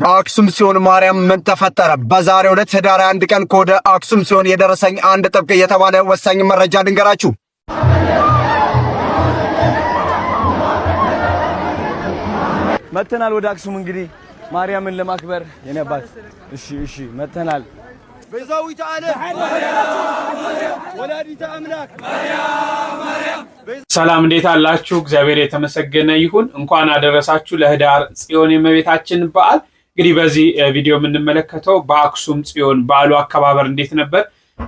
በአክሱም ጽዮን ማርያም ምን ተፈጠረ? በዛሬው ዕለት ህዳር አንድ ቀን ከወደ አክሱም ጽዮን የደረሰኝ አንድ ጥብቅ የተባለ ወሳኝ መረጃ ድንገራችሁ። መተናል ወደ አክሱም እንግዲህ ማርያምን ለማክበር የኔ አባት። እሺ እሺ፣ መተናል ቤዛዊተ ዓለም ወላዲተ አምላክ ሰላም እንዴት አላችሁ? እግዚአብሔር የተመሰገነ ይሁን። እንኳን አደረሳችሁ ለህዳር ጽዮን የመቤታችን በዓል። እንግዲህ በዚህ ቪዲዮ የምንመለከተው በአክሱም ጽዮን በዓሉ አከባበር እንዴት ነበር፣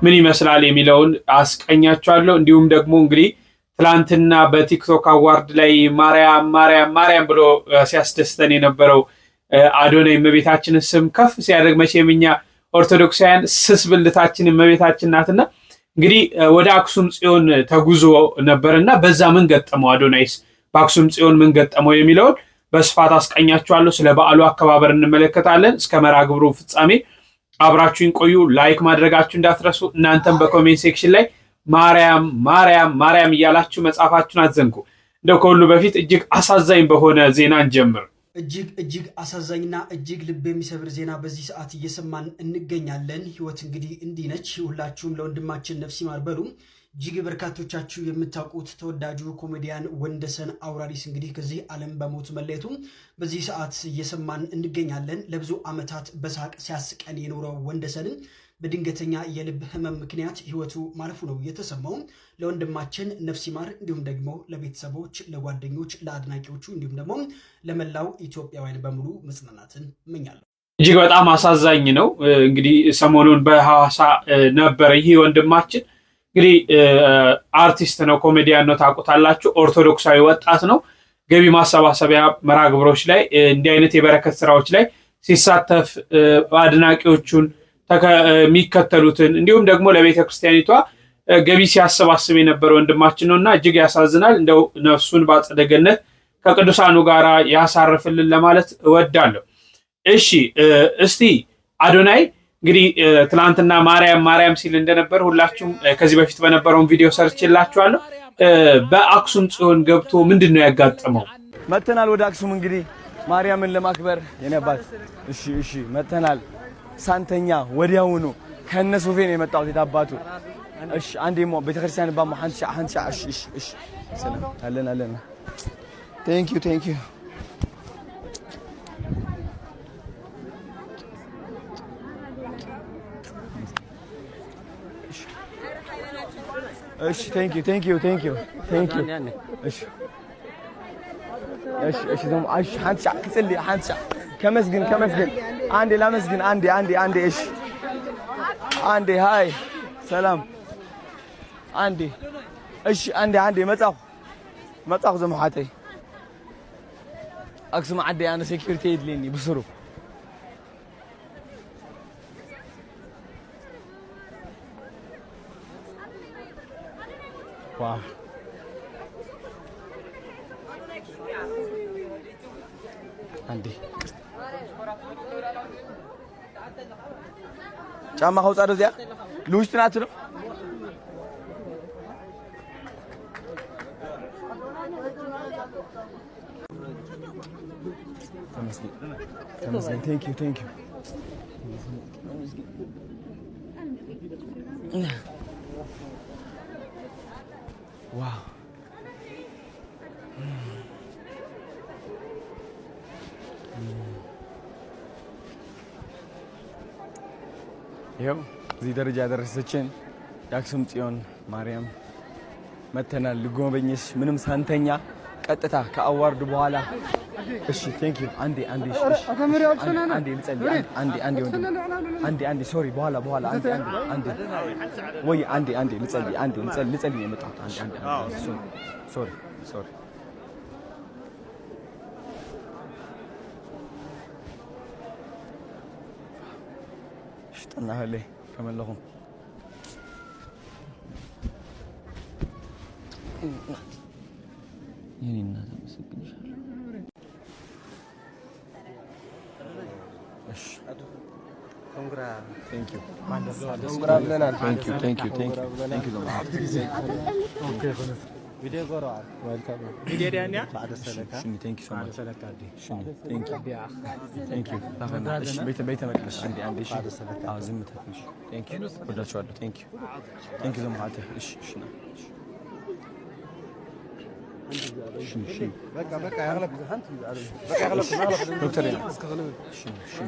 ምን ይመስላል የሚለውን አስቀኛቸዋለሁ። እንዲሁም ደግሞ እንግዲህ ትላንትና በቲክቶክ አዋርድ ላይ ማርያም ማርያም ማርያም ብሎ ሲያስደስተን የነበረው አዶናይ እመቤታችን ስም ከፍ ሲያደርግ መቼም እኛ ኦርቶዶክሳውያን ስስ ብልታችን እመቤታችን ናትና እንግዲህ ወደ አክሱም ጽዮን ተጉዞ ነበርና በዛ ምን ገጠመው አዶናይስ በአክሱም ጽዮን ምን ገጠመው የሚለውን በስፋት አስቀኛችኋለሁ። ስለ በዓሉ አከባበር እንመለከታለን። እስከ መርሃ ግብሩ ፍጻሜ አብራችሁን ቆዩ። ላይክ ማድረጋችሁ እንዳትረሱ። እናንተም በኮሜንት ሴክሽን ላይ ማርያም ማርያም ማርያም እያላችሁ መጻፋችሁን አትዘንጉ። እንደው ከሁሉ በፊት እጅግ አሳዛኝ በሆነ ዜና እንጀምር። እጅግ እጅግ አሳዛኝና እጅግ ልብ የሚሰብር ዜና በዚህ ሰዓት እየሰማን እንገኛለን። ህይወት እንግዲህ እንዲህ ነች። ሁላችሁም ለወንድማችን ነፍስ ይማር እጅግ በርካቶቻችሁ የምታውቁት ተወዳጁ ኮሜዲያን ወንደሰን አውራሪስ እንግዲህ ከዚህ ዓለም በሞት መለየቱ በዚህ ሰዓት እየሰማን እንገኛለን። ለብዙ ዓመታት በሳቅ ሲያስቀን የኖረው ወንደሰንን በድንገተኛ የልብ ሕመም ምክንያት ሕይወቱ ማለፉ ነው የተሰማው። ለወንድማችን ነፍስ ይማር፣ እንዲሁም ደግሞ ለቤተሰቦች፣ ለጓደኞች፣ ለአድናቂዎቹ እንዲሁም ደግሞ ለመላው ኢትዮጵያውያን በሙሉ መጽናናትን እመኛለሁ። እጅግ በጣም አሳዛኝ ነው። እንግዲህ ሰሞኑን በሐዋሳ ነበረ ይህ ወንድማችን እንግዲህ አርቲስት ነው፣ ኮሜዲያን ነው፣ ታውቁታላችሁ። ኦርቶዶክሳዊ ወጣት ነው። ገቢ ማሰባሰቢያ መርሃ ግብሮች ላይ እንዲህ አይነት የበረከት ስራዎች ላይ ሲሳተፍ አድናቂዎቹን የሚከተሉትን እንዲሁም ደግሞ ለቤተ ክርስቲያኒቷ ገቢ ሲያሰባስብ የነበረ ወንድማችን ነው እና እጅግ ያሳዝናል። እንደው ነፍሱን በአጸደ ገነት ከቅዱሳኑ ጋራ ያሳርፍልን ለማለት እወዳለሁ። እሺ እስቲ አዶናይ እንግዲህ ትላንትና ማርያም ማርያም ሲል እንደነበር ሁላችሁም ከዚህ በፊት በነበረውን ቪዲዮ ሰርችላችኋለሁ። በአክሱም ጽዮን ገብቶ ምንድን ነው ያጋጠመው? መተናል ወደ አክሱም እንግዲህ ማርያምን ለማክበር የነባት እሺ፣ እሺ መተናል። ሳንተኛ ወዲያውኑ ከነ ሶፌ ነው የመጣሁት የታባቱ እሺ፣ አንዴ ሞ ቤተክርስቲያን ባሞ ሀንሻ ሀንሻ እሺ፣ እሺ፣ እሺ፣ ሰላም አለን አለን። ቴንክ ዩ ቴንክ ዩ ايش ثانك يو ثانك يو ثانك يو ثانك يو ايش ايش ايش دم ايش حد شع كسل لي حد شع كم اسجن كم اسجن عندي لا مسجن عندي عندي عندي ايش عندي هاي سلام عندي ايش عندي عندي متاخ متاخ زمحاتي اقسم عندي انا سكيورتي يدليني بسرعه わ አንዴ ጫማ ከውጻዶ እዚያ ልውሽት ናት ነው ተመስገን Wow. ይኸው mm. እዚህ ደረጃ ያደረሰችን የአክሱም ጽዮን ማርያም መተናል ልጎበኘሽ ምንም ሳንተኛ ቀጥታ ከአዋርድ በኋላ እሺ ቴንክ ዩ። አንዴ አንዴ እሺ፣ አንዴ እንጸልይ። አንዴ አንዴ አንዴ ሶሪ፣ በኋላ በኋላ፣ አንዴ አንዴ ወይ አንዴ አንዴ እንጸልይ። አንዴ እንጸልይ፣ ልጸልይ የመጣሁት። አንዴ አንዴ ሶሪ ሶሪ ጠናህ ላይ ከመለሁም የኔ እናት አመሰግንሻለሁ። Spanish. Congrats. Thank you. Congrats. Thank you. Thank you. Thank you. Thank you. Okay. Video go on. Welcome. Video yani ya? Şimdi thank you so much. Şimdi thank you. Thank you. Bakın iş beyte beyte bakmış. Şimdi yani işi ağzımı takmış. Thank you. Burada çoğaldı. Thank you. Thank you so much. İş şuna. شو شو بقى بقى اغلب بقى اغلب دكتور شو شو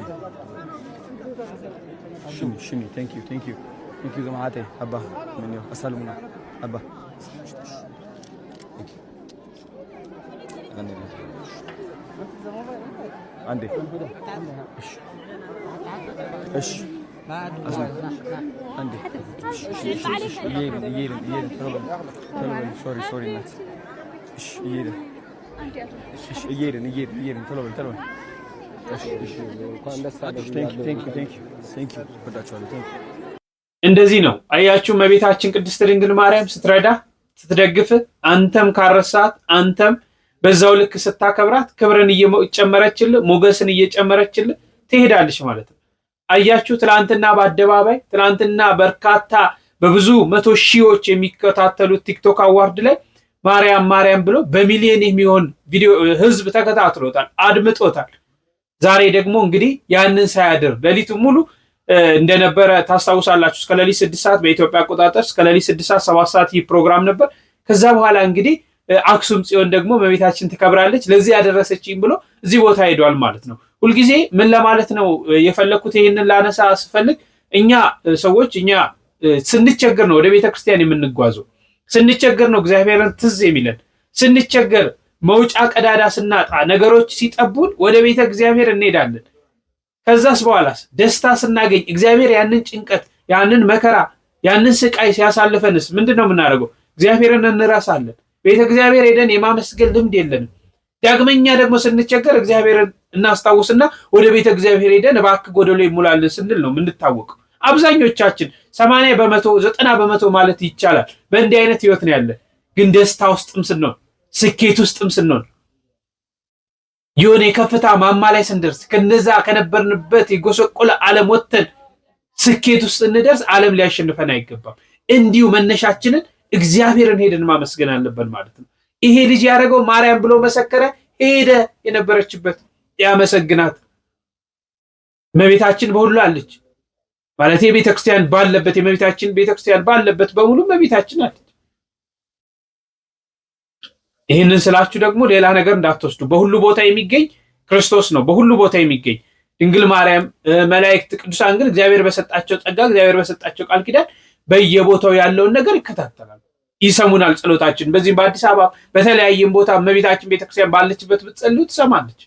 شمي شمي ثانك يو ثانك يو ثانك يو جماعتي ابا منيو اسالمنا ابا غني عندي ايش ايش عندي يلي يلي يلي سوري سوري ناس እየሄድን ቶሎ ቶሎ እንደዚህ ነው አያችሁ፣ እመቤታችን ቅድስት ድንግል ማርያም ስትረዳ ስትደግፍ፣ አንተም ካረሳት አንተም በዛው ልክ ስታከብራት ክብርን እየጨመረችልህ ሞገስን እየጨመረችልህ ትሄዳለች ማለት ነው። አያችሁ፣ ትላንትና በአደባባይ ትላንትና በርካታ በብዙ መቶ ሺዎች የሚከታተሉት ቲክቶክ አዋርድ ላይ ማርያም ማርያም ብሎ በሚሊዮን የሚሆን ቪዲዮ ህዝብ ተከታትሎታል፣ አድምጦታል። ዛሬ ደግሞ እንግዲህ ያንን ሳያድር ሌሊቱ ሙሉ እንደነበረ ታስታውሳላችሁ። እስከ ሌሊት ስድስት ሰዓት በኢትዮጵያ አቆጣጠር እስከ ሌሊት ስድስት ሰዓት ሰባት ሰዓት ይህ ፕሮግራም ነበር። ከዛ በኋላ እንግዲህ አክሱም ጽዮን ደግሞ መቤታችን ትከብራለች፣ ለዚህ ያደረሰችኝ ብሎ እዚህ ቦታ ሄዷል ማለት ነው። ሁልጊዜ ምን ለማለት ነው የፈለግኩት ይህንን ላነሳ ስፈልግ እኛ ሰዎች እኛ ስንቸገር ነው ወደ ቤተክርስቲያን የምንጓዘው ስንቸገር ነው እግዚአብሔርን ትዝ የሚለን። ስንቸገር መውጫ ቀዳዳ ስናጣ ነገሮች ሲጠቡን ወደ ቤተ እግዚአብሔር እንሄዳለን። ከዛስ በኋላስ ደስታ ስናገኝ እግዚአብሔር ያንን ጭንቀት፣ ያንን መከራ፣ ያንን ስቃይ ሲያሳልፈንስ ምንድን ነው የምናደርገው? እግዚአብሔርን እንረሳለን። ቤተ እግዚአብሔር ሄደን የማመስገን ልምድ የለንም። ዳግመኛ ደግሞ ስንቸገር እግዚአብሔርን እናስታውስና ወደ ቤተ እግዚአብሔር ሄደን እባክህ ጎደሎ ይሙላልን ስንል ነው የምንታወቀው። አብዛኞቻችን ሰማንያ በመቶ ዘጠና በመቶ ማለት ይቻላል በእንዲህ አይነት ህይወት ነው ያለ። ግን ደስታ ውስጥም ስንሆን ስኬት ውስጥም ስንሆን የሆነ የከፍታ ማማ ላይ ስንደርስ ከነዛ ከነበርንበት የጎሰቆለ ዓለም ወጥተን ስኬት ውስጥ ስንደርስ ዓለም ሊያሸንፈን አይገባም። እንዲሁ መነሻችንን እግዚአብሔርን ሄደን ማመስገን አለብን ማለት ነው። ይሄ ልጅ ያደረገው ማርያም ብሎ መሰከረ፣ ሄደ የነበረችበት ያመሰግናት። እመቤታችን በሁሉ አለች። ማለት ክርስቲያን ባለበት የመቤታችን ቤተክርስቲያን ባለበት በሙሉ መቤታችን አለች። ይህንን ስላችሁ ደግሞ ሌላ ነገር እንዳትወስዱ። በሁሉ ቦታ የሚገኝ ክርስቶስ ነው። በሁሉ ቦታ የሚገኝ ድንግል ማርያም፣ መላእክት፣ ቅዱሳን ግን እግዚአብሔር በሰጣቸው ጸጋ እግዚአብሔር በሰጣቸው ቃል ኪዳን በየቦታው ያለውን ነገር ይከታተላሉ፣ ይሰሙናል ጸሎታችን። በዚህም በአዲስ አበባ በተለያየም ቦታ መቤታችን ቤተክርስቲያን ባለችበት ብትጸልዩ ትሰማለች።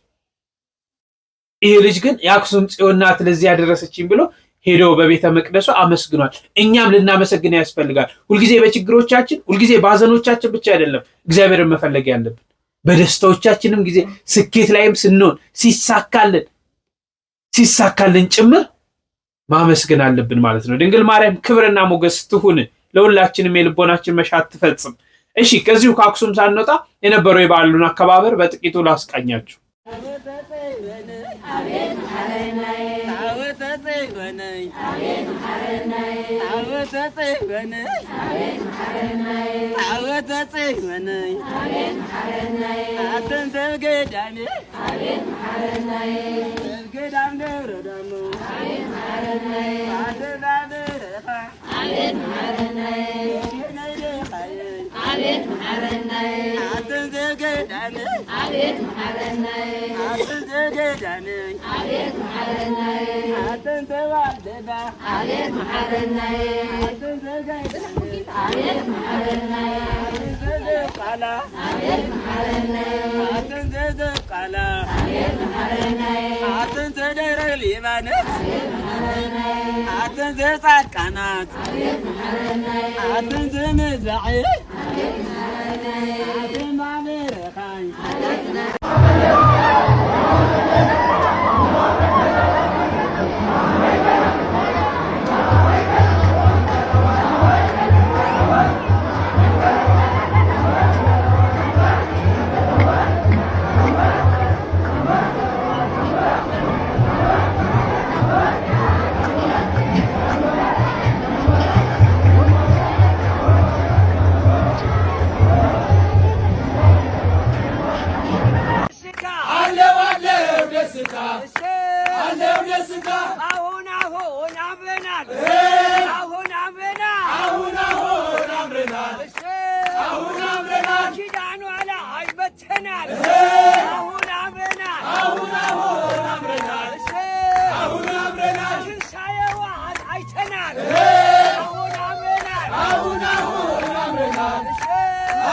ይህ ልጅ ግን የአክሱም ጽዮን ናት ለዚህ ያደረሰችኝ ብሎ ሄዶ በቤተ መቅደሱ አመስግኗል። እኛም ልናመሰግን ያስፈልጋል። ሁልጊዜ በችግሮቻችን፣ ሁልጊዜ በሀዘኖቻችን ብቻ አይደለም እግዚአብሔርን መፈለግ ያለብን። በደስታዎቻችንም ጊዜ ስኬት ላይም ስንሆን ሲሳካልን ሲሳካልን ጭምር ማመስገን አለብን ማለት ነው። ድንግል ማርያም ክብርና ሞገስ ትሁን፣ ለሁላችንም የልቦናችን መሻት ትፈጽም። እሺ ከዚሁ ከአክሱም ሳንወጣ የነበረው የበዓሉን አከባበር በጥቂቱ ላስቃኛችሁ። तसे बनई आव तसे बनई आव तसे बनई आतन सगळे डाने सगळे डाम देव रडामो आदे दादे रफा आवे भारनई አቤት ማረናይ አጥን ዘገዳነይ አቤት ማረናይ አጥን ዘገዳነይ አቤት ማረናይ አጥን ተባደዳ አቤት ማረናይ አጥን ዘገዳነይ አቤት ማረናይ አጥን ዘዘቃላ አቤት ማረናይ አጥን ዘዘቃላ አቤት ማረናይ አጥን ዘደረግ ሊባነት አቤት ማረናይ አጥን ዘጻድቃናት አቤት ማረናይ አጥን ዘመዛዒ I'm Amen. Amen. Amen.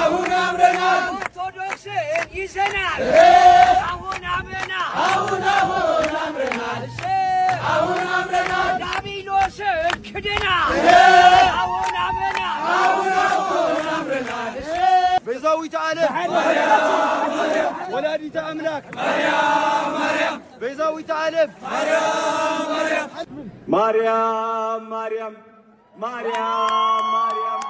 አሁን አምረናል። ኦርቶዶክስን ይዘናል። አሁን አምረናል። አሁን አሁን አምረናል። አሁን አምረናል። ዳቢሎስን ክደናል። አሁን አምረናል። አሁን አሁን አምረናል። ቤዛዊተ ዓለም ወላዲተ አምላክ ማርያም ማርያም ቤዛዊተ ዓለም ማርያም ማርያም ማርያም ማርያም ማርያም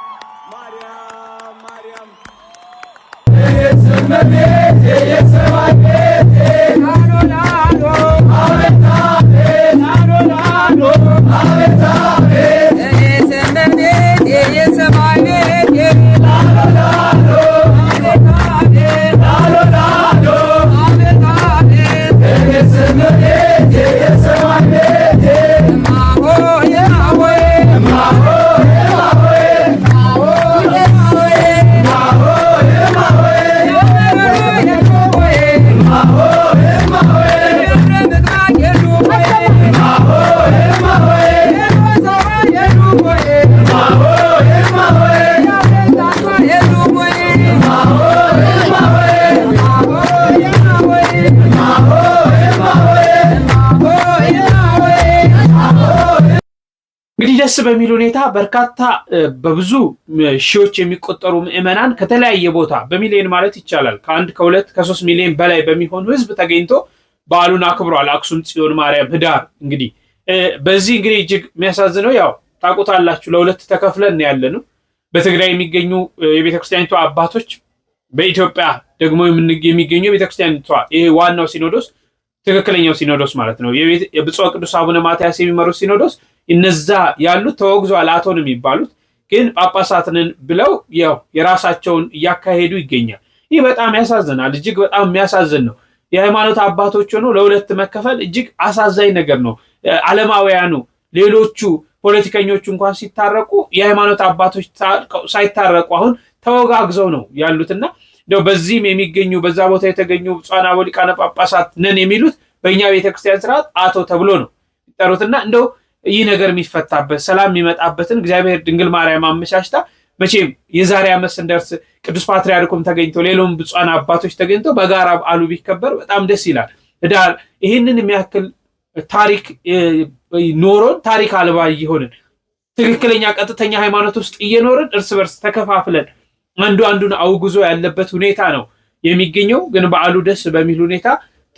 አቤት አቤት በሚል ሁኔታ በርካታ በብዙ ሺዎች የሚቆጠሩ ምዕመናን ከተለያየ ቦታ በሚሊዮን ማለት ይቻላል ከአንድ ከሁለት ከሶስት ሚሊዮን በላይ በሚሆን ህዝብ ተገኝቶ በዓሉን አክብሯል። አክሱም ጽዮን ማርያም ህዳር እንግዲህ በዚህ እንግዲህ እጅግ የሚያሳዝነው ያው ታውቁታላችሁ ለሁለት ተከፍለን ያለ በትግራይ የሚገኙ የቤተክርስቲያኒቷ አባቶች በኢትዮጵያ ደግሞ የሚገኙ የቤተክርስቲያኒቷ ይሄ ዋናው ሲኖዶስ ትክክለኛው ሲኖዶስ ማለት ነው። ብፁዕ ቅዱስ አቡነ ማትያስ የሚመሩት ሲኖዶስ እነዛ ያሉት ተወግዟል ነው የሚባሉት ግን ጳጳሳትንን ብለው ያው የራሳቸውን እያካሄዱ ይገኛል። ይህ በጣም ያሳዝናል። እጅግ በጣም የሚያሳዝን ነው። የሃይማኖት አባቶች ሆኖ ለሁለት መከፈል እጅግ አሳዛኝ ነገር ነው። አለማውያኑ ሌሎቹ ፖለቲከኞቹ እንኳን ሲታረቁ የሃይማኖት አባቶች ሳይታረቁ አሁን ተወጋግዘው ነው ያሉትና እንደው በዚህም የሚገኙ በዛ ቦታ የተገኙ ብፁዓን ወሊቃነ ጳጳሳት ነን የሚሉት በእኛ ቤተክርስቲያን ስርዓት አቶ ተብሎ ነው የሚጠሩትና እንደው ይህ ነገር የሚፈታበት ሰላም የሚመጣበትን እግዚአብሔር ድንግል ማርያም አመቻችታ መቼም የዛሬ ዓመት ስንደርስ ቅዱስ ፓትርያርኩም ተገኝተው ሌሎም ብፁዓን አባቶች ተገኝተው በጋራ በዓሉ ቢከበር በጣም ደስ ይላል። ዳር ይህንን የሚያክል ታሪክ ኖሮን ታሪክ አልባ እየሆንን ትክክለኛ ቀጥተኛ ሃይማኖት ውስጥ እየኖርን እርስ በርስ ተከፋፍለን አንዱ አንዱን አውግዞ ያለበት ሁኔታ ነው የሚገኘው። ግን በዓሉ ደስ በሚል ሁኔታ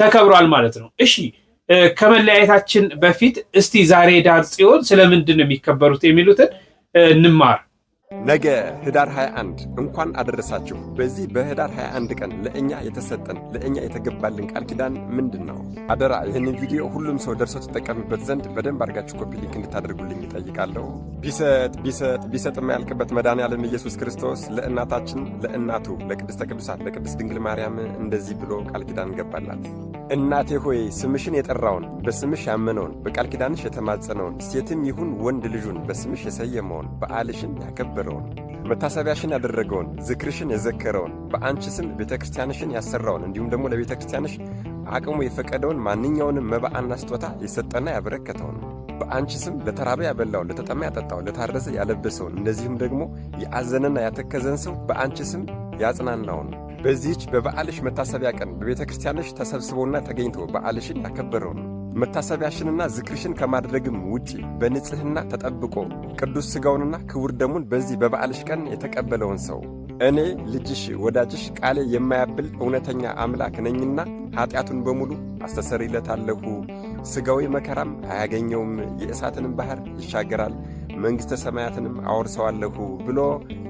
ተከብሯል ማለት ነው። እሺ ከመለያየታችን በፊት እስቲ ዛሬ ዳር ጽዮን ስለምንድን ነው የሚከበሩት የሚሉትን እንማር። ነገ ህዳር 21 እንኳን አደረሳችሁ። በዚህ በህዳር 21 ቀን ለእኛ የተሰጠን ለእኛ የተገባልን ቃል ኪዳን ምንድን ነው? አደራ ይህንን ቪዲዮ ሁሉም ሰው ደርሰው ትጠቀምበት ዘንድ በደንብ አድርጋችሁ ኮፒ ሊንክ እንድታደርጉልኝ ይጠይቃለሁ። ቢሰጥ ቢሰጥ ቢሰጥ የማያልቅበት መድኃኔዓለም ኢየሱስ ክርስቶስ ለእናታችን ለእናቱ ለቅድስተ ቅዱሳት ለቅድስት ድንግል ማርያም እንደዚህ ብሎ ቃል ኪዳን ገባላት። እናቴ ሆይ ስምሽን የጠራውን በስምሽ ያመነውን በቃል ኪዳንሽ የተማጸነውን ሴትም ይሁን ወንድ ልጁን በስምሽ የሰየመውን በዓልሽን ያከበረውን መታሰቢያሽን ያደረገውን ዝክርሽን የዘከረውን በአንቺ ስም ቤተ ክርስቲያንሽን ያሠራውን እንዲሁም ደግሞ ለቤተ ክርስቲያንሽ አቅሙ የፈቀደውን ማንኛውንም መባአና ስጦታ የሰጠና ያበረከተውን በአንቺ ስም ለተራበ ያበላውን፣ ለተጠማ ያጠጣውን፣ ለታረዘ ያለበሰውን እንደዚሁም ደግሞ የአዘነና ያተከዘን ሰው በአንቺ ስም ያጽናናውን በዚች በበዓልሽ መታሰቢያ ቀን በቤተ ክርስቲያንሽ ተሰብስቦና ተገኝቶ በዓልሽን ያከበረው ነው። መታሰቢያሽንና ዝክርሽን ከማድረግም ውጪ በንጽሕና ተጠብቆ ቅዱስ ሥጋውንና ክቡር ደሙን በዚህ በበዓልሽ ቀን የተቀበለውን ሰው እኔ ልጅሽ ወዳጅሽ ቃሌ የማያብል እውነተኛ አምላክ ነኝና ኀጢአቱን በሙሉ አስተሰሪለታለሁ ሥጋዊ መከራም አያገኘውም፣ የእሳትንም ባሕር ይሻገራል መንግሥተ ሰማያትንም አወርሰዋለሁ ብሎ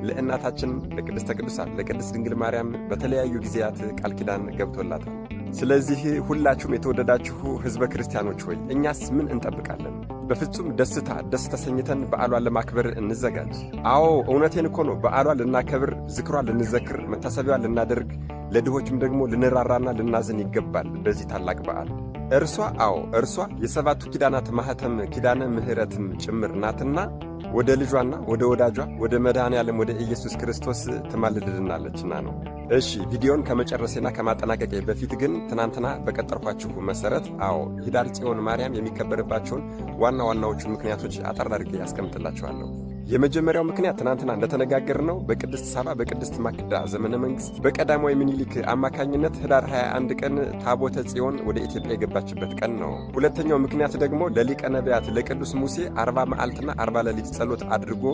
ለእናታችን ለቅድስተ ቅዱሳን ለቅድስት ድንግል ማርያም በተለያዩ ጊዜያት ቃል ኪዳን ገብቶላታል። ስለዚህ ሁላችሁም የተወደዳችሁ ሕዝበ ክርስቲያኖች ሆይ እኛስ ምን እንጠብቃለን? በፍጹም ደስታ ደስ ተሰኝተን በዓሏን ለማክበር እንዘጋጅ። አዎ እውነቴን እኮ ነው። በዓሏን ልናከብር፣ ዝክሯን ልንዘክር፣ መታሰቢያዋን ልናደርግ ለድሆችም ደግሞ ልንራራና ልናዝን ይገባል። በዚህ ታላቅ በዓል እርሷ አዎ እርሷ የሰባቱ ኪዳናት ማኅተም ኪዳነ ምሕረትም ጭምር ናትና ወደ ልጇና ወደ ወዳጇ ወደ መድኃኔ ዓለም ወደ ኢየሱስ ክርስቶስ ትማልድልናለችና ነው። እሺ ቪዲዮን ከመጨረሴና ከማጠናቀቄ በፊት ግን ትናንትና በቀጠርኳችሁ መሰረት አዎ ሂዳር ጽዮን ማርያም የሚከበርባቸውን ዋና ዋናዎቹን ምክንያቶች አጠር አድርጌ ያስቀምጥላችኋለሁ። የመጀመሪያው ምክንያት ትናንትና ነው በቅድስት ሳባ በቅድስት ማክዳ ዘመነ መንግስት በቀዳማዊ ምኒልክ አማካኝነት ህዳር 21 ቀን ታቦተ ጽዮን ወደ ኢትዮጵያ የገባችበት ቀን ነው። ሁለተኛው ምክንያት ደግሞ ለሊቀ ነቢያት ለቅዱስ ሙሴ አርባ መዓልትና አርባ ሌሊት ጸሎት አድርጎ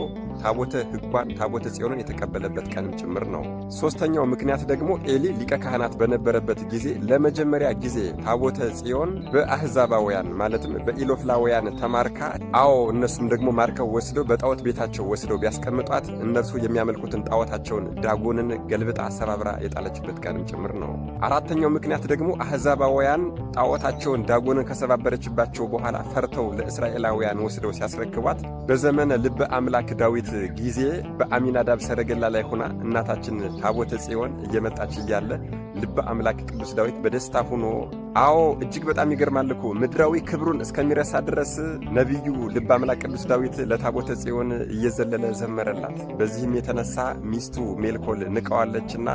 ታቦተ ህጓን ታቦተ ጽዮንን የተቀበለበት ቀንም ጭምር ነው። ሦስተኛው ምክንያት ደግሞ ኤሊ ሊቀ ካህናት በነበረበት ጊዜ ለመጀመሪያ ጊዜ ታቦተ ጽዮን በአህዛባውያን ማለትም በኢሎፍላውያን ተማርካ አዎ እነሱም ደግሞ ማርከው ወስደው በጣዖት ቤታ ቤታቸው ወስደው ቢያስቀምጧት እነርሱ የሚያመልኩትን ጣዖታቸውን ዳጎንን ገልብጣ አሰባብራ የጣለችበት ቀንም ጭምር ነው። አራተኛው ምክንያት ደግሞ አሕዛባውያን ጣዖታቸውን ዳጎንን ከሰባበረችባቸው በኋላ ፈርተው ለእስራኤላውያን ወስደው ሲያስረክቧት በዘመነ ልበ አምላክ ዳዊት ጊዜ በአሚናዳብ ሰረገላ ላይ ሆና እናታችን ታቦተ ጽዮን እየመጣች እያለ ልበ አምላክ ቅዱስ ዳዊት በደስታ ሆኖ አዎ እጅግ በጣም ይገርማል እኮ ምድራዊ ክብሩን እስከሚረሳ ድረስ ነቢዩ ልበ አምላክ ቅዱስ ዳዊት ለታቦተ ጽዮን እየዘለለ ዘመረላት። በዚህም የተነሳ ሚስቱ ሜልኮል ንቀዋለችና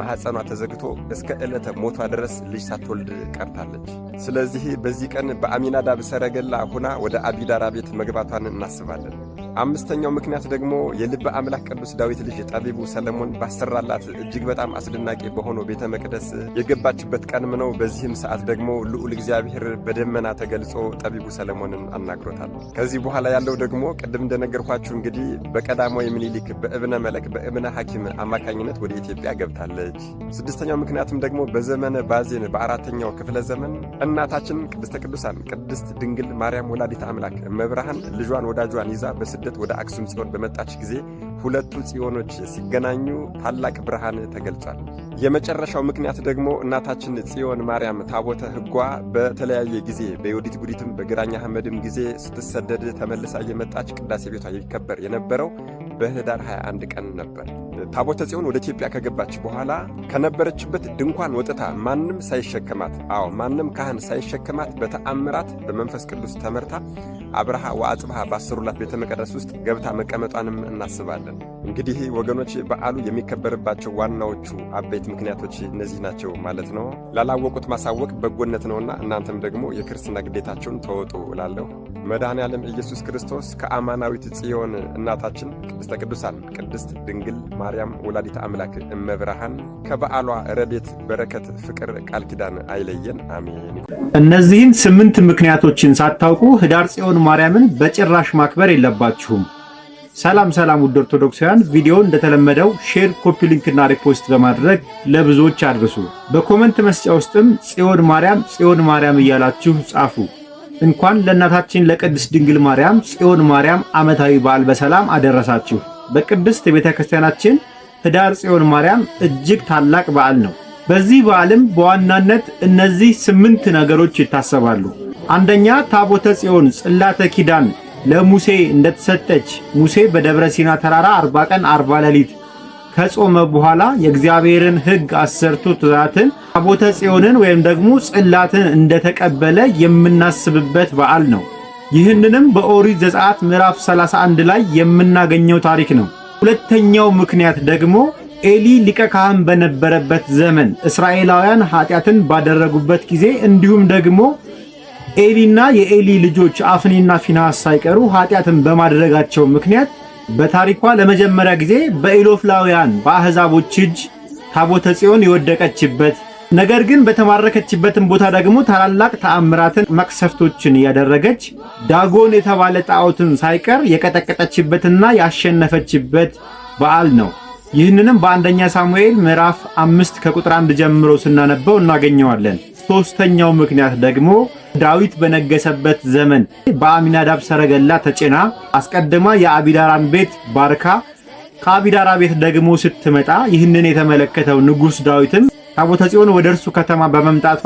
ማኅፀኗ ተዘግቶ እስከ ዕለተ ሞቷ ድረስ ልጅ ሳትወልድ ቀርታለች። ስለዚህ በዚህ ቀን በአሚናዳብ ሰረገላ ሁና ወደ አቢዳራ ቤት መግባቷን እናስባለን። አምስተኛው ምክንያት ደግሞ የልበ አምላክ ቅዱስ ዳዊት ልጅ ጠቢቡ ሰለሞን ባሰራላት እጅግ በጣም አስደናቂ በሆነው ቤተ መቅደስ የገባችበት ቀንም ነው። በዚህም ሰዓት ደግሞ ልዑል እግዚአብሔር በደመና ተገልጾ ጠቢቡ ሰለሞንን አናግሮታል። ከዚህ በኋላ ያለው ደግሞ ቅድም እንደነገርኳችሁ እንግዲህ በቀዳማዊ ምኒልክ በእብነ መለክ በእብነ ሐኪም አማካኝነት ወደ ኢትዮጵያ ገብታለች። ስድስተኛው ምክንያትም ደግሞ በዘመነ ባዜን በአራተኛው ክፍለ ዘመን እናታችን ቅድስተ ቅዱሳን ቅድስት ድንግል ማርያም ወላዲት አምላክ መብርሃን ልጇን ወዳጇን ይዛ በስድ ከስደት ወደ አክሱም ጽዮን በመጣች ጊዜ ሁለቱ ጽዮኖች ሲገናኙ ታላቅ ብርሃን ተገልጿል። የመጨረሻው ምክንያት ደግሞ እናታችን ጽዮን ማርያም ታቦተ ሕጓ በተለያየ ጊዜ በዮዲት ጉዲትም በግራኝ አህመድም ጊዜ ስትሰደድ ተመልሳ እየመጣች ቅዳሴ ቤቷ ይከበር የነበረው በህዳር 21 ቀን ነበር። ታቦተ ጽዮን ወደ ኢትዮጵያ ከገባች በኋላ ከነበረችበት ድንኳን ወጥታ ማንም ሳይሸከማት፣ አዎ ማንም ካህን ሳይሸከማት በተአምራት በመንፈስ ቅዱስ ተመርታ አብርሃ ወአጽብሃ ባሰሩላት ቤተ መቅደስ ውስጥ ገብታ መቀመጧንም እናስባለን። እንግዲህ ወገኖች በዓሉ የሚከበርባቸው ዋናዎቹ አበይት ምክንያቶች እነዚህ ናቸው ማለት ነው። ላላወቁት ማሳወቅ በጎነት ነውና እናንተም ደግሞ የክርስትና ግዴታቸውን ተወጡ እላለሁ። መድኃኔ ዓለም ኢየሱስ ክርስቶስ ከአማናዊት ጽዮን እናታችን ቅድስተ ቅዱሳን ቅድስት ድንግል ማርያም ወላዲተ አምላክ እመብርሃን ከበዓሏ ረዴት፣ በረከት፣ ፍቅር፣ ቃል ኪዳን አይለየን፣ አሜን። እነዚህን ስምንት ምክንያቶችን ሳታውቁ ህዳር ጽዮን ማርያምን በጭራሽ ማክበር የለባችሁም። ሰላም ሰላም ውድ ኦርቶዶክሳውያን፣ ቪዲዮ እንደተለመደው ሼር፣ ኮፒ ሊንክ እና ሪፖስት በማድረግ ለብዙዎች አድርሱ። በኮመንት መስጫ ውስጥም ጽዮን ማርያም ጽዮን ማርያም እያላችሁ ጻፉ። እንኳን ለእናታችን ለቅድስት ድንግል ማርያም ጽዮን ማርያም ዓመታዊ በዓል በሰላም አደረሳችሁ። በቅድስት ቤተ ክርስቲያናችን ህዳር ጽዮን ማርያም እጅግ ታላቅ በዓል ነው። በዚህ በዓልም በዋናነት እነዚህ ስምንት ነገሮች ይታሰባሉ። አንደኛ ታቦተ ጽዮን ጽላተ ኪዳን ለሙሴ እንደተሰጠች ሙሴ በደብረ ሲና ተራራ አርባ ቀን አርባ ሌሊት ከጾመ በኋላ የእግዚአብሔርን ሕግ አሰርቱ ትዛትን ታቦተ ጽዮንን ወይም ደግሞ ጽላትን እንደተቀበለ የምናስብበት በዓል ነው። ይህንንም በኦሪት ዘጸአት ምዕራፍ 31 ላይ የምናገኘው ታሪክ ነው። ሁለተኛው ምክንያት ደግሞ ኤሊ ሊቀ ካህን በነበረበት ዘመን እስራኤላውያን ኃጢአትን ባደረጉበት ጊዜ እንዲሁም ደግሞ ኤሊና የኤሊ ልጆች አፍኒና ፊናስ ሳይቀሩ ኃጢአትን በማድረጋቸው ምክንያት በታሪኳ ለመጀመሪያ ጊዜ በኢሎፍላውያን በአሕዛቦች እጅ ታቦተ ጽዮን የወደቀችበት ነገር ግን በተማረከችበትን ቦታ ደግሞ ታላላቅ ተአምራትን መቅሰፍቶችን እያደረገች ዳጎን የተባለ ጣዖትን ሳይቀር የቀጠቀጠችበትና ያሸነፈችበት በዓል ነው። ይህንንም በአንደኛ ሳሙኤል ምዕራፍ አምስት ከቁጥር አንድ ጀምሮ ስናነበው እናገኘዋለን። ሶስተኛው ምክንያት ደግሞ ዳዊት በነገሰበት ዘመን በአሚናዳብ ሰረገላ ተጭና አስቀድማ የአቢዳራን ቤት ባርካ ከአቢዳራ ቤት ደግሞ ስትመጣ ይህንን የተመለከተው ንጉሥ ዳዊትም ታቦተ ጽዮን ወደ እርሱ ከተማ በመምጣቷ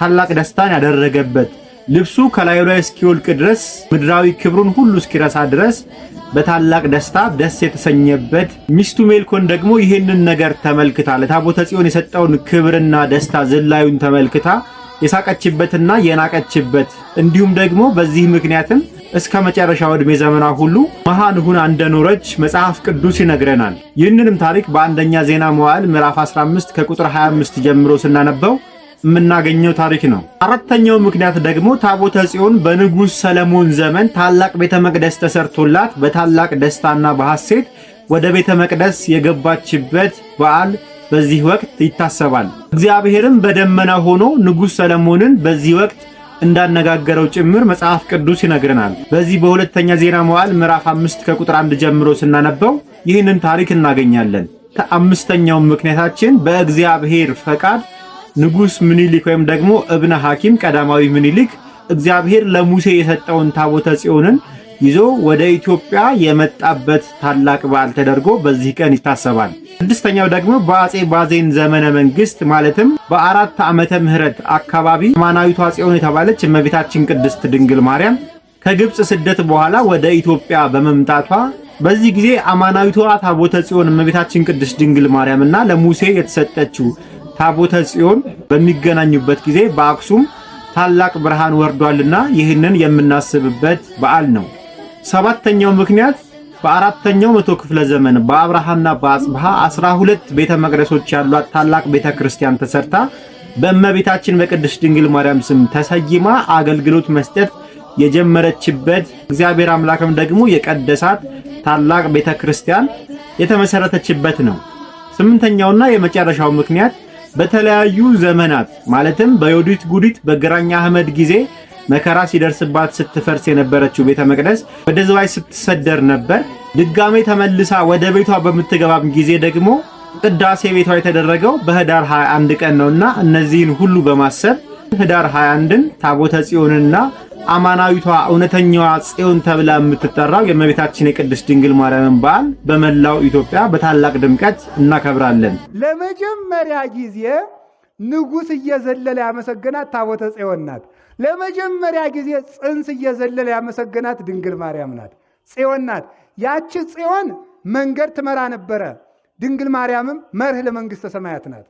ታላቅ ደስታን ያደረገበት ልብሱ ከላዩ ላይ እስኪወልቅ ድረስ ምድራዊ ክብሩን ሁሉ እስኪረሳ ድረስ በታላቅ ደስታ ደስ የተሰኘበት ሚስቱ ሜልኮን ደግሞ ይህንን ነገር ተመልክታ ለታቦተ ጽዮን የሰጠውን ክብርና ደስታ ዝላዩን ተመልክታ የሳቀችበትና የናቀችበት እንዲሁም ደግሞ በዚህ ምክንያትም እስከ መጨረሻው ዕድሜ ዘመኗ ሁሉ መሃን ሁና እንደኖረች መጽሐፍ ቅዱስ ይነግረናል። ይህንንም ታሪክ በአንደኛ ዜና መዋዕል ምዕራፍ 15 ከቁጥር 25 ጀምሮ ስናነበው የምናገኘው ታሪክ ነው። አራተኛው ምክንያት ደግሞ ታቦተ ጽዮን በንጉሥ ሰለሞን ዘመን ታላቅ ቤተ መቅደስ ተሰርቶላት በታላቅ ደስታና በሐሴት ወደ ቤተ መቅደስ የገባችበት በዓል በዚህ ወቅት ይታሰባል። እግዚአብሔርም በደመና ሆኖ ንጉሥ ሰለሞንን በዚህ ወቅት እንዳነጋገረው ጭምር መጽሐፍ ቅዱስ ይነግረናል። በዚህ በሁለተኛ ዜና መዋዕል ምዕራፍ አምስት ከቁጥር አንድ ጀምሮ ስናነበው ይህንን ታሪክ እናገኛለን። ከአምስተኛው ምክንያታችን በእግዚአብሔር ፈቃድ ንጉሥ ምኒልክ ወይም ደግሞ እብነ ሐኪም ቀዳማዊ ምኒልክ እግዚአብሔር ለሙሴ የሰጠውን ታቦተ ጽዮንን ይዞ ወደ ኢትዮጵያ የመጣበት ታላቅ በዓል ተደርጎ በዚህ ቀን ይታሰባል። ስድስተኛው ደግሞ በአጼ ባዜን ዘመነ መንግስት ማለትም በአራት ዓመተ ምህረት አካባቢ ሃይማናዊቷ ጽዮን የተባለች እመቤታችን ቅድስት ድንግል ማርያም ከግብፅ ስደት በኋላ ወደ ኢትዮጵያ በመምጣቷ በዚህ ጊዜ አማናዊቷ ታቦተ ጽዮን እመቤታችን ቅድስት ድንግል ማርያምና ለሙሴ የተሰጠችው ታቦተ ጽዮን በሚገናኙበት ጊዜ በአክሱም ታላቅ ብርሃን ወርዷልና ይህንን የምናስብበት በዓል ነው። ሰባተኛው ምክንያት በአራተኛው መቶ ክፍለ ዘመን በአብርሃና በአጽብሃ አስራ ሁለት ቤተ መቅደሶች ያሏት ታላቅ ቤተ ክርስቲያን ተሰርታ በእመቤታችን በቅድስት ድንግል ማርያም ስም ተሰይማ አገልግሎት መስጠት የጀመረችበት እግዚአብሔር አምላክም ደግሞ የቀደሳት ታላቅ ቤተ ክርስቲያን የተመሰረተችበት ነው። ስምንተኛውና የመጨረሻው ምክንያት በተለያዩ ዘመናት ማለትም በዮዲት ጉዲት በግራኝ አህመድ ጊዜ መከራ ሲደርስባት ስትፈርስ የነበረችው ቤተ መቅደስ ወደ ዝዋይ ስትሰደር ነበር። ድጋሜ ተመልሳ ወደ ቤቷ በምትገባም ጊዜ ደግሞ ቅዳሴ ቤቷ የተደረገው በህዳር 21 ቀን ነውና እነዚህን ሁሉ በማሰብ ህዳር 21ን ታቦተ ጽዮንና አማናዊቷ እውነተኛዋ ጽዮን ተብላ የምትጠራው የእመቤታችን የቅድስት ድንግል ማርያምን በዓል በመላው ኢትዮጵያ በታላቅ ድምቀት እናከብራለን። ለመጀመሪያ ጊዜ ንጉሥ እየዘለለ ያመሰገናት ታቦተ ጽዮን ናት። ለመጀመሪያ ጊዜ ጽንስ እየዘለለ ያመሰገናት ድንግል ማርያም ናት፣ ጽዮን ናት። ያቺ ጽዮን መንገድ ትመራ ነበረ። ድንግል ማርያምም መርህ ለመንግሥተ ሰማያት ናት።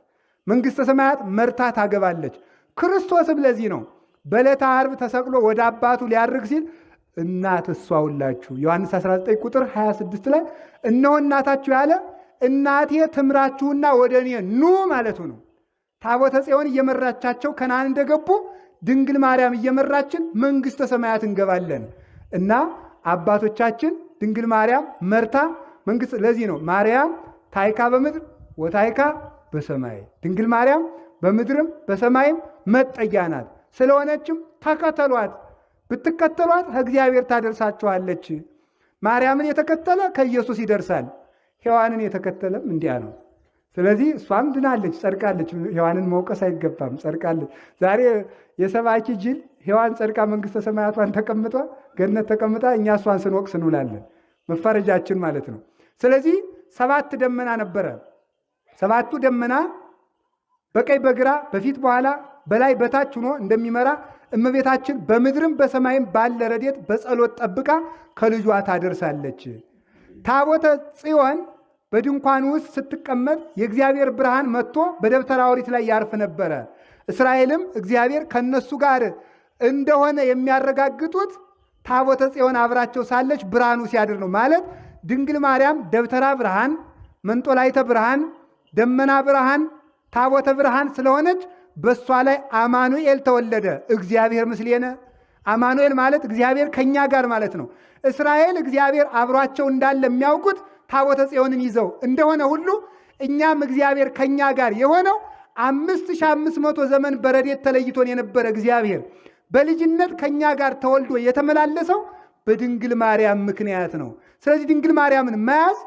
መንግሥተ ሰማያት መርታ ታገባለች። ክርስቶስም ለዚህ ነው በዕለተ ዓርብ ተሰቅሎ ወደ አባቱ ሊያርግ ሲል እናት እሷ ሁላችሁ ዮሐንስ 19 ቁጥር 26 ላይ እነሆ እናታችሁ ያለ እናቴ ትምራችሁና ወደ እኔ ኑ ማለቱ ነው። ታቦተ ጽዮን እየመራቻቸው ከነዓን እንደገቡ ድንግል ማርያም እየመራችን መንግሥተ ሰማያት እንገባለን እና አባቶቻችን ድንግል ማርያም መርታ መንግሥት ለዚህ ነው ማርያም ታይካ በምድር ወታይካ በሰማይ ድንግል ማርያም በምድርም በሰማይም መጠጊያ ናት። ስለሆነችም ተከተሏት። ብትከተሏት ከእግዚአብሔር ታደርሳችኋለች። ማርያምን የተከተለ ከኢየሱስ ይደርሳል። ሔዋንን የተከተለም እንዲያ ነው። ስለዚህ እሷም ድናለች፣ ጸድቃለች። ሔዋንን መውቀስ አይገባም፣ ጸድቃለች። ዛሬ የሰባኪ ጅል ሔዋን ጸድቃ መንግሥተ ሰማያቷን ተቀምጧ ገነት ተቀምጣ እኛ እሷን ስንወቅስ እንውላለን። መፈረጃችን ማለት ነው። ስለዚህ ሰባት ደመና ነበረ። ሰባቱ ደመና በቀኝ በግራ በፊት በኋላ በላይ በታች ሆኖ እንደሚመራ እመቤታችን በምድርም በሰማይም ባለ ረድኤት በጸሎት ጠብቃ ከልጇ ታደርሳለች። ታቦተ ጽዮን በድንኳን ውስጥ ስትቀመጥ የእግዚአብሔር ብርሃን መጥቶ በደብተራ ኦሪት ላይ ያርፍ ነበረ። እስራኤልም እግዚአብሔር ከእነሱ ጋር እንደሆነ የሚያረጋግጡት ታቦተ ጽዮን አብራቸው ሳለች ብርሃኑ ሲያድር ነው። ማለት ድንግል ማርያም ደብተራ ብርሃን፣ መንጦላይተ ብርሃን፣ ደመና ብርሃን፣ ታቦተ ብርሃን ስለሆነች በእሷ ላይ አማኑኤል ተወለደ። እግዚአብሔር ምስሌነ አማኑኤል ማለት እግዚአብሔር ከእኛ ጋር ማለት ነው። እስራኤል እግዚአብሔር አብሯቸው እንዳለ የሚያውቁት ታቦተ ጽዮንን ይዘው እንደሆነ ሁሉ እኛም እግዚአብሔር ከእኛ ጋር የሆነው አምስት ሺህ አምስት መቶ ዘመን በረዴት ተለይቶን የነበረ እግዚአብሔር በልጅነት ከእኛ ጋር ተወልዶ የተመላለሰው በድንግል ማርያም ምክንያት ነው። ስለዚህ ድንግል ማርያምን መያዝ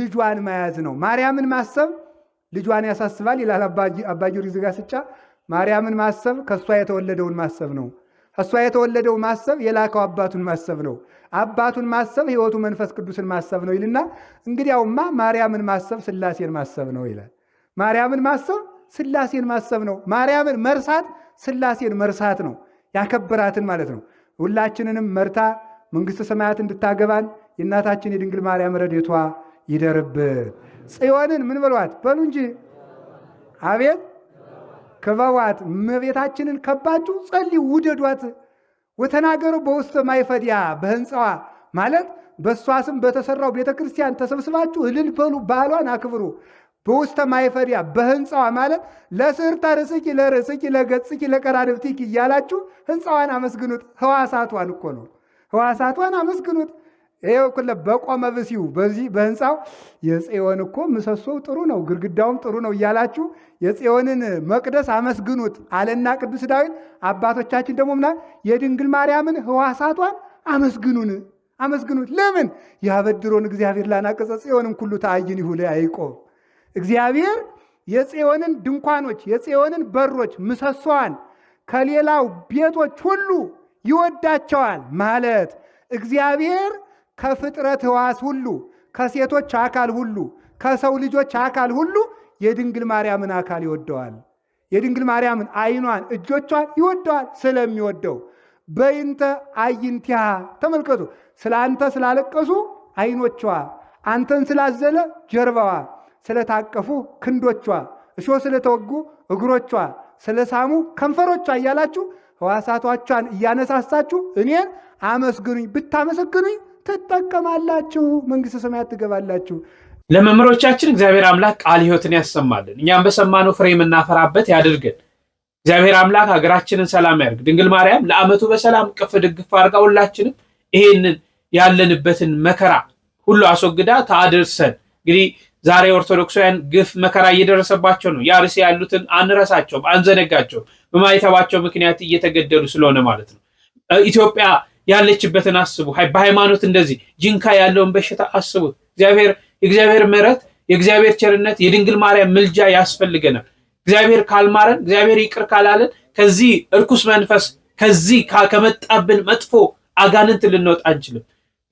ልጇን መያዝ ነው። ማርያምን ማሰብ ልጇን ያሳስባል ይላል አባ ጊዮርጊስ ዘጋስጫ። ማርያምን ማሰብ ከእሷ የተወለደውን ማሰብ ነው። ከእሷ የተወለደው ማሰብ የላከው አባቱን ማሰብ ነው። አባቱን ማሰብ ሕይወቱ መንፈስ ቅዱስን ማሰብ ነው ይልና እንግዲያውማ ማርያምን ማሰብ ስላሴን ማሰብ ነው ይላል። ማርያምን ማሰብ ስላሴን ማሰብ ነው። ማርያምን መርሳት ስላሴን መርሳት ነው። ያከበራትን ማለት ነው። ሁላችንንም መርታ መንግሥተ ሰማያት እንድታገባን የእናታችን የድንግል ማርያም ረድኤቷ ይደርብን። ጽዮንን ምን በሏት በሉ እንጂ አቤት ክበቧት እመቤታችንን ከባችሁ ጸሊ ውደዷት ወተናገሩ በውስተ ማይፈዲያ በህንፃዋ ማለት በእሷ ስም በተሰራው ቤተ ክርስቲያን ተሰብስባችሁ እልል በሉ፣ ባህሏን አክብሩ። በውስተ ማይፈድያ በህንፃዋ ማለት ለስርታ ርእስኪ ለርእስኪ ለገጽኪ ለቀራንብቲኪ እያላችሁ ህንፃዋን አመስግኑት። ህዋሳቷን እኮ ነው፣ ህዋሳቷን አመስግኑት። ይኸው ኩለ በቆመ ብሲሁ በዚህ በህንፃው የጽዮን እኮ ምሰሶው ጥሩ ነው፣ ግርግዳውም ጥሩ ነው እያላችሁ የጽዮንን መቅደስ አመስግኑት አለና ቅዱስ ዳዊት። አባቶቻችን ደግሞ ምናል የድንግል ማርያምን ህዋሳቷን አመስግኑን አመስግኑት። ለምን ያበድሮን እግዚአብሔር ላናቀጸ ጽዮንን ኩሉ ተአይን ይሁለ አይቆ እግዚአብሔር የጽዮንን ድንኳኖች የጽዮንን በሮች ምሰሶዋን ከሌላው ቤቶች ሁሉ ይወዳቸዋል ማለት እግዚአብሔር ከፍጥረት ሕዋስ ሁሉ ከሴቶች አካል ሁሉ ከሰው ልጆች አካል ሁሉ የድንግል ማርያምን አካል ይወደዋል። የድንግል ማርያምን አይኗን፣ እጆቿን ይወደዋል። ስለሚወደው በይንተ አይንቲያ ተመልከቱ። ስለ አንተ ስላለቀሱ አይኖቿ፣ አንተን ስላዘለ ጀርባዋ፣ ስለታቀፉ ክንዶቿ፣ እሾህ ስለተወጉ እግሮቿ፣ ስለሳሙ ከንፈሮቿ እያላችሁ ሕዋሳቶቿን እያነሳሳችሁ እኔን አመስግኑኝ ብታመሰግኑኝ ትጠቀማላችሁ፣ መንግስተ ሰማያት ትገባላችሁ። ለመምህሮቻችን እግዚአብሔር አምላክ ቃል ህይወትን ያሰማልን፣ እኛም በሰማነው ፍሬ የምናፈራበት ያድርግን። እግዚአብሔር አምላክ ሀገራችንን ሰላም ያድርግ። ድንግል ማርያም ለአመቱ በሰላም ቅፍ ድግፍ አድርጋ ሁላችንም ይሄንን ያለንበትን መከራ ሁሉ አስወግዳ ታድርሰን። እንግዲህ ዛሬ ኦርቶዶክሳውያን ግፍ መከራ እየደረሰባቸው ነው። ያርሲ ያሉትን አንረሳቸውም፣ አንዘነጋቸውም። በማይተባቸው ምክንያት እየተገደሉ ስለሆነ ማለት ነው ኢትዮጵያ ያለችበትን አስቡ። በሃይማኖት እንደዚህ ጅንካ ያለውን በሽታ አስቡት። እግዚአብሔር የእግዚአብሔር ምሕረት የእግዚአብሔር ቸርነት የድንግል ማርያም ምልጃ ያስፈልገናል። እግዚአብሔር ካልማረን፣ እግዚአብሔር ይቅር ካላለን ከዚህ እርኩስ መንፈስ ከዚህ ከመጣብን መጥፎ አጋንንት ልንወጣ አንችልም።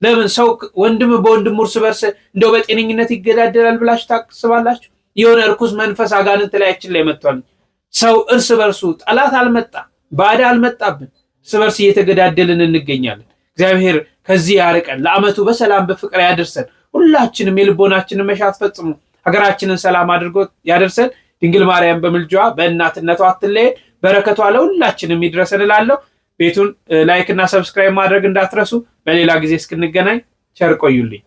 ለምን ሰው ወንድም በወንድም እርስ በርስ እንደው በጤነኝነት ይገዳደላል ብላችሁ ታስባላችሁ? የሆነ እርኩስ መንፈስ አጋንንት ላያችን ላይ መጥቷል። ሰው እርስ በርሱ ጠላት አልመጣ ባዳ አልመጣብን እርስ በርስ እየተገዳደልን እንገኛለን። እግዚአብሔር ከዚህ ያርቀን፣ ለዓመቱ በሰላም በፍቅር ያደርሰን። ሁላችንም የልቦናችንን መሻት ፈጽሞ ሀገራችንን ሰላም አድርጎ ያደርሰን። ድንግል ማርያም በምልጇ በእናትነቷ አትለየን። በረከቷ ለሁላችንም ይድረሰን እላለሁ። ቤቱን ላይክና ሰብስክራይብ ማድረግ እንዳትረሱ። በሌላ ጊዜ እስክንገናኝ ቸር ቆዩልኝ።